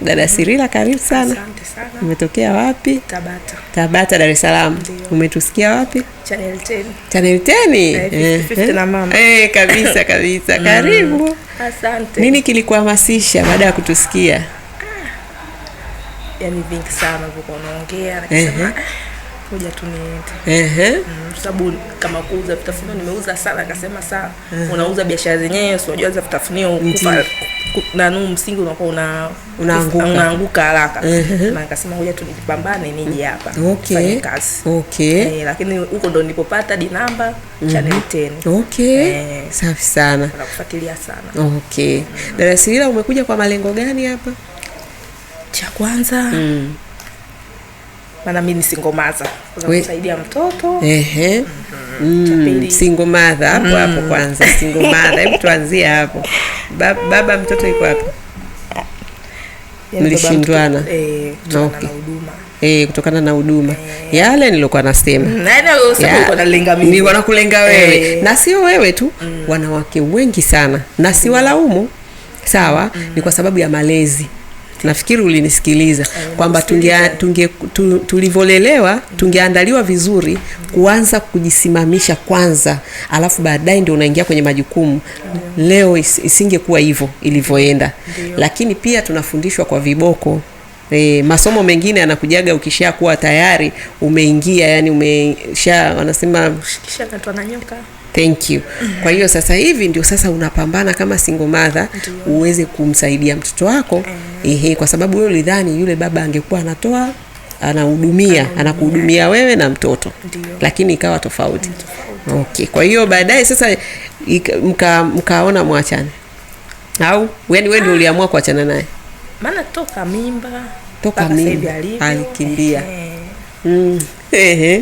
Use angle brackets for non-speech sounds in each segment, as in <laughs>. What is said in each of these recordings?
Dada Sirila, karibu sana. Asante sana. Umetokea wapi? Tabata. Tabata, Dar es Salaam. Umetusikia wapi? Channel 10. Channel 10? Eh, eh, eh, na mama. Eh, kabisa kabisa. <laughs> Karibu. Mm. Asante. Nini kilikuhamasisha baada ya kutusikia? Ah. Yaani vingi sana unaongea na kusema ngoja tu niende. Ehe. Mm, sababu kama kuuza vitafunio nimeuza sana, akasema saa Unauza biashara zenyewe, si unajua za vitafunio kufa na nuu msingi unakuwa una unaanguka unaanguka haraka. Na akasema ngoja tu nipambane niji hapa. Okay. Kazi. Okay. Eh, lakini huko ndo nilipopata di namba mhm. Channel 10. Okay. Eh, safi sana. Nakufuatilia sana. Okay. Mm. Dada Silila umekuja kwa malengo gani hapa? Cha kwanza mm maana mimi ni single mother kusaidia mtoto ehe. Mm, mm single mother hapo mm. hapo kwanza, single mother, hebu tuanzie hapo. Ba, baba mtoto yuko wapi? Mlishindwana e, okay. E, kutokana na huduma e, yale nilikuwa nasema ni mm, wanakulenga wewe e, na sio wewe tu mm. Wanawake wengi sana na si siwalaumu, sawa mm. Ni kwa sababu ya malezi mm, nafikiri ulinisikiliza kwamba tunge, tu, tulivyolelewa tungeandaliwa vizuri kuanza kujisimamisha kwanza, alafu baadaye ndio unaingia kwenye majukumu. Leo isingekuwa hivyo ilivyoenda, lakini pia tunafundishwa kwa viboko. E, masomo mengine anakujaga ukishakuwa tayari umeingia, yani umesha wanasema Thank you. Kwa hiyo sasa hivi ndio sasa unapambana kama single mother uweze kumsaidia mtoto wako mm. Ehe, kwa sababu wewe ulidhani yule baba angekuwa anatoa anahudumia anakuhudumia wewe na mtoto Ndiyo. Lakini ikawa tofauti. Okay, kwa hiyo baadaye sasa mka, mkaona mwachane au wewe yaani wewe ndio uliamua kuachana naye? Maana toka mimba toka mimba alikimbia. Mm. <laughs>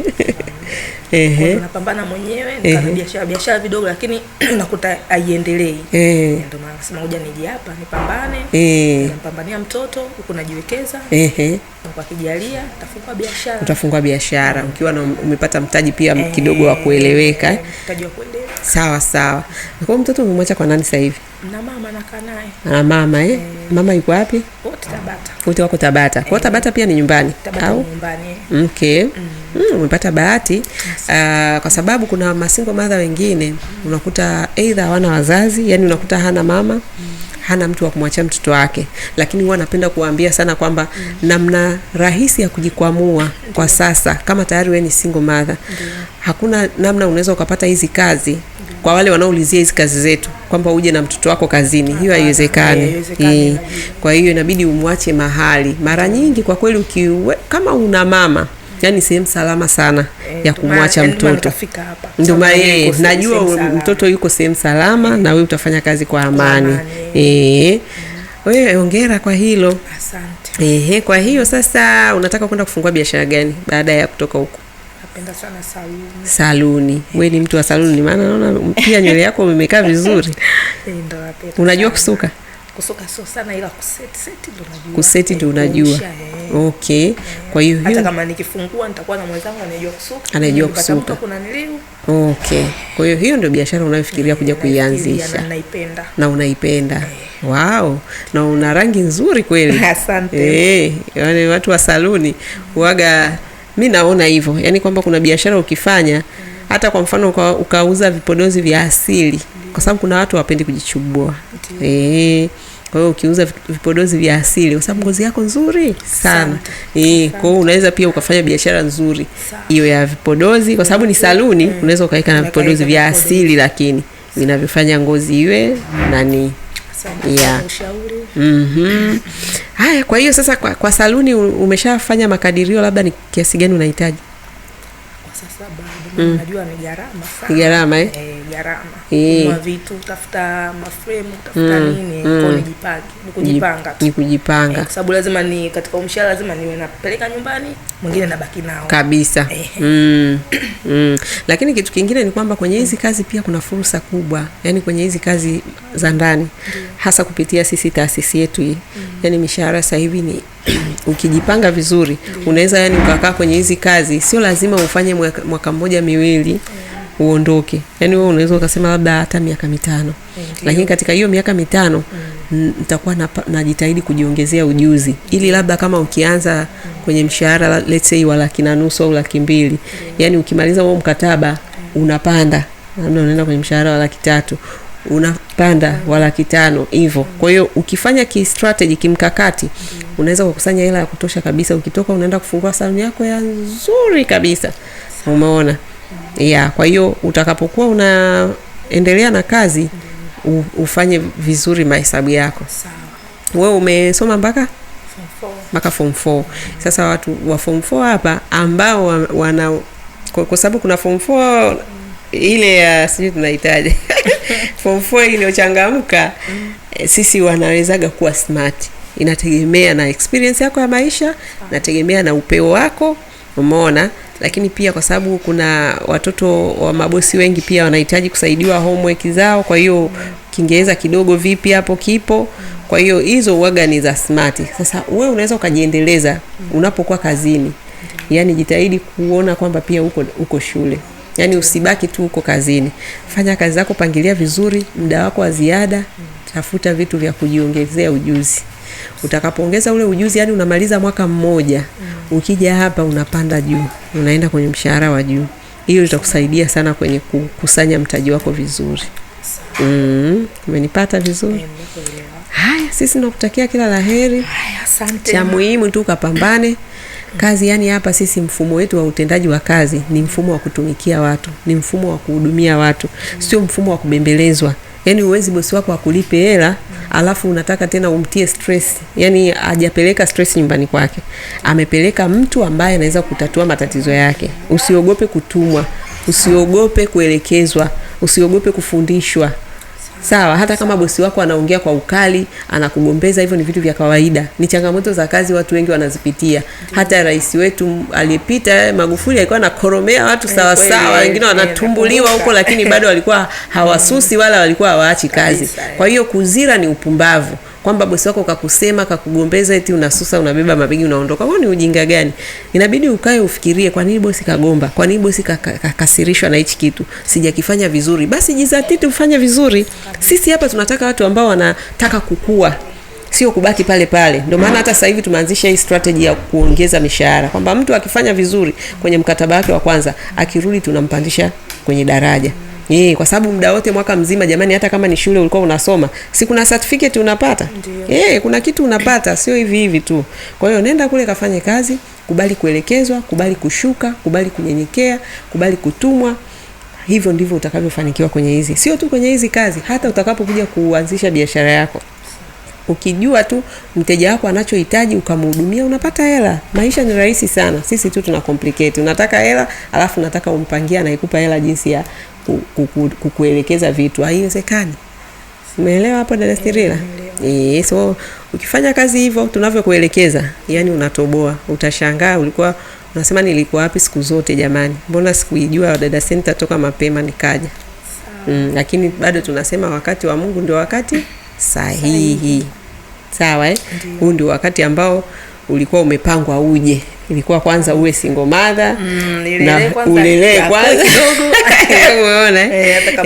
ehe, unapambana mwenyewe, nikana biashara biashara vidogo, lakini <clears throat> nakuta haiendelei. Ehe, ndio maana nasema ngoja niji hapa nipambane, ehe, mtoto huko najiwekeza, ehe, kwa kijalia nitafungua biashara. Utafungua biashara ukiwa na um, umepata mtaji pia kidogo wa kueleweka, mtaji wa kueleweka. Sawa sawa. Kwa mtoto umemwacha kwa nani sasa hivi? na mama nakaa naye. na mama eh? E. Mama yuko wapi? Wote Tabata. Wote wako Tabata. E. Kwa eh. Tabata pia ni nyumbani. au? Nyumbani. Okay. Eh. Mm. Mm, umepata bahati. Uh, kwa sababu kuna masingo madha wengine mm. unakuta either hawana wazazi, yani unakuta hana mama. Mm. Hana mtu wa kumwachia mtoto wake, lakini huwa anapenda kuwaambia sana kwamba mm. namna rahisi ya kujikwamua Kwa sasa kama tayari wewe ni single mother, mm. hakuna namna unaweza ukapata hizi kazi mm. Kwa wale wanaoulizia hizi kazi zetu kwamba uje na mtoto wako kazini, hiyo haiwezekani. Kwa hiyo inabidi umwache mahali. Mara nyingi kwa kweli, ukiwe kama una mama yani sehemu salama sana e, ya kumwacha mtoto ndio yeye najua mtoto yuko sehemu salama e, na wewe utafanya kazi kwa amani eh. Wewe hongera kwa hilo. Asante. E, kwa hiyo sasa unataka kwenda kufungua biashara gani baada ya kutoka huko? napenda sana saluni. Saluni, we ni mtu wa saluni, maana naona pia nywele yako imekaa vizuri. <laughs> Ndio Unajua kusuka? Kusuka sio sana, ila kuseti ndio najua. Kuseti ndio unajua. Eh. Okay. Yeah. Kwa hiyo hata kama nikifungua nitakuwa na mwenzangu anayejua kusuka. Anayejua kusuka. Kuna niliu. Okay. Kwa hiyo hiyo ndio biashara unayofikiria eh, kuja kuianzisha. na unaipenda, Na eh. unaipenda. Wow, na una rangi nzuri kweli. <laughs> Asante. Eh, wale watu wa saluni mm. huaga mi naona hivyo, yaani kwamba kuna biashara ukifanya hata kwa mfano kwa ukauza vipodozi vya asili kwa sababu kuna watu wapendi kujichubua eh. Kwa hiyo ukiuza vipodozi vya asili kwa sababu ngozi yako nzuri sana eh, kwa hiyo unaweza pia ukafanya biashara nzuri hiyo ya vipodozi, kwa sababu ni saluni mm. Unaweza ukaweka na vipodozi vya asili lakini vinavyofanya ngozi iwe nani ya yeah. mm Haya, kwa hiyo sasa, kwa, kwa saluni umeshafanya makadirio, labda ni kiasi gani unahitaji? sasa bado mm. unajua mm. ni gharama sana. Gharama eh? eh? gharama Eh, e. kwa vitu, tafuta maframe, tafuta mm. nini, mm. kwa nijipange, ni kujipanga tu. Ni kujipanga. Eh, kwa sababu lazima ni katika mshahara lazima niwe napeleka nyumbani, mwingine nabaki nao. Kabisa. Eh. Mm. mm. Lakini kitu kingine ni kwamba kwenye hizi kazi pia kuna fursa kubwa. yani kwenye hizi kazi za ndani. Hasa kupitia sisi taasisi yetu hii. Mm. yani mishahara sasa hivi ni <clears throat> ukijipanga vizuri unaweza yani ukakaa kwenye hizi kazi, sio lazima ufanye mwaka, mwaka mmoja miwili uondoke. Yani wewe unaweza ukasema labda hata miaka mitano, lakini katika hiyo miaka mitano mm. nitakuwa najitahidi kujiongezea ujuzi, ili labda kama ukianza kwenye mshahara let's say wa laki na nusu au laki mbili, yani ukimaliza huo mkataba mm. unapanda labda unaenda kwenye mshahara wa laki tatu una panda wa laki tano hivyo. Kwa hiyo ukifanya ki strategy kimkakati, unaweza kukusanya hela ya kutosha kabisa, ukitoka unaenda kufungua saluni yako ya nzuri kabisa, umeona ya. Kwa hiyo utakapokuwa unaendelea na kazi, ufanye vizuri mahesabu yako. Wewe umesoma mpaka mpaka form 4. Sasa watu wa form 4 hapa ambao wana, kwa sababu kuna form 4 ile ya sijui tunahitaji <laughs> form iliyochangamka, eh, sisi wanawezaga kuwa smart. Inategemea na experience yako ya maisha, inategemea na upeo wako, umeona. Lakini pia kwa sababu kuna watoto wa mabosi wengi pia wanahitaji kusaidiwa homework zao, kwa hiyo Kiingereza kidogo vipi hapo kipo. Kwa hiyo hizo waga ni za smart. Sasa we unaweza ukajiendeleza unapokuwa kazini, yaani jitahidi kuona kwamba pia uko uko shule yani usibaki tu huko kazini, fanya kazi zako, pangilia vizuri muda wako wa ziada, tafuta vitu vya kujiongezea ujuzi. Utakapoongeza ule ujuzi, yani unamaliza mwaka mmoja, ukija hapa unapanda juu, unaenda kwenye mshahara wa juu. Hiyo itakusaidia sana kwenye kukusanya mtaji wako vizuri. Mm-hmm. Umenipata mm, vizuri. Haya, sisi nakutakia kila la heri. Cha muhimu tu kapambane Kazi yani, hapa sisi mfumo wetu wa utendaji wa kazi ni mfumo wa kutumikia watu, ni mfumo wa kuhudumia watu, sio mfumo wa kubembelezwa. Yani uwezi bosi wako akulipe hela alafu unataka tena umtie stress. Yani ajapeleka stress nyumbani kwake, amepeleka mtu ambaye anaweza kutatua matatizo yake. Usiogope kutumwa, usiogope kuelekezwa, usiogope kufundishwa sawa. Hata kama bosi wako anaongea kwa ukali, anakugombeza, hivyo ni vitu vya kawaida, ni changamoto za kazi, watu wengi wanazipitia. Hata rais wetu aliyepita eh, Magufuli alikuwa anakoromea watu eh, sawa sawa, wengine eh, wanatumbuliwa huko, lakini bado walikuwa <laughs> hawasusi wala walikuwa hawaachi kazi. Kwa hiyo kuzira ni upumbavu kwamba bosi wako kakusema kakugombeza, eti unasusa unabeba mabegi unaondoka. Huo ni ujinga gani? Inabidi ukae ufikirie, kwa nini bosi kagomba? Kwa nini bosi kakasirishwa na hichi kitu? Sijakifanya vizuri, basi jizatiti ufanye vizuri. Sisi hapa tunataka watu ambao wanataka kukua sio kubaki pale pale. Ndio maana hata sasa hivi tumeanzisha hii strategy ya kuongeza mishahara, kwamba mtu akifanya vizuri kwenye mkataba wake wa kwanza, akirudi tunampandisha kwenye daraja. Eh, kwa sababu muda wote mwaka mzima jamani, hata kama ni shule ulikuwa unasoma, si kuna certificate unapata? Eh, kuna kitu unapata, sio hivi hivi tu. Kwa hiyo nenda kule kafanye kazi, kubali kuelekezwa, kubali kushuka, kubali kunyenyekea, kubali kutumwa. Hivyo ndivyo utakavyofanikiwa kwenye hizi, sio tu kwenye hizi kazi, hata utakapokuja kuanzisha biashara yako ukijua tu mteja wako anachohitaji ukamhudumia, unapata hela. Maisha ni rahisi sana, sisi tu tuna complicate. Unataka hela alafu unataka umpangie anaikupa hela jinsi ya kukuelekeza vitu, haiwezekani. Umeelewa hapo dada Sirila? E, eh, so ukifanya kazi hivyo tunavyokuelekeza, yani unatoboa, utashangaa ulikuwa unasema nilikuwa wapi siku zote jamani, mbona sikuijua dada senta toka mapema nikaja. Mm, lakini bado tunasema wakati wa Mungu ndio wakati sahihi sawa eh? Huu ndio wakati ambao ulikuwa umepangwa uje ilikuwa kwanza uwe single mother mm, na ulelee kwanza <laughs> umeona eh? <laughs>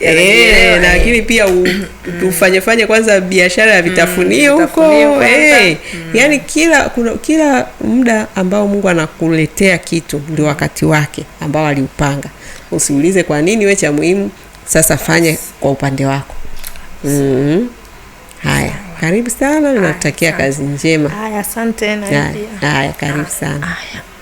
Eh, eh. lakini pia mm. tufanye kwanza biashara ya mm, vitafunio huko eh, yani kila kuna, kila muda ambao Mungu anakuletea kitu ndio wakati wake ambao aliupanga. Usiulize kwa nini, we cha muhimu sasa fanye kwa upande wako. mm -hmm. Haya. Karibu sana, ninatakia kazi njema. Haya, asante. Haya, karibu sana. Haya.